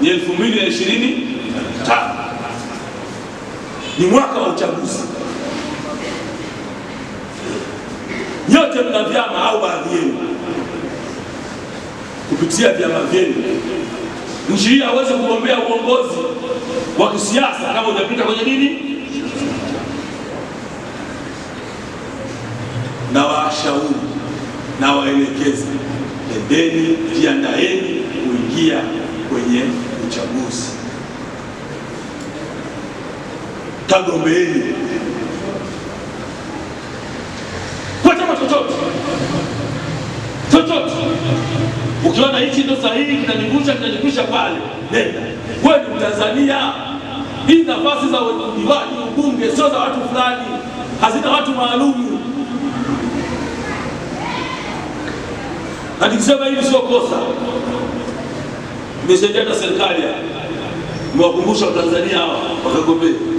ni ni mwaka wa uchaguzi. Nyote mna vyama au baadhi yenu, kupitia vyama vyenu nchi hii aweze kugombea uongozi wa kisiasa kama ujapita kwenye nini, na washauri na waelekezi, endeni, jiandaeni kuingia kwenye uchaguzi. Kagombeeni kwa chama chochote chochote, ukiona hichi ndo sahihi, kinanigusha kinanigusha pale, nenda wewe. Ni Mtanzania, hii nafasi za udiwani, ubunge sio za watu fulani, hazina watu maalumu. Na nikisema hivi sio kosa mmesaidia hata serikali, mmewakumbusha Watanzania hawa wakagombee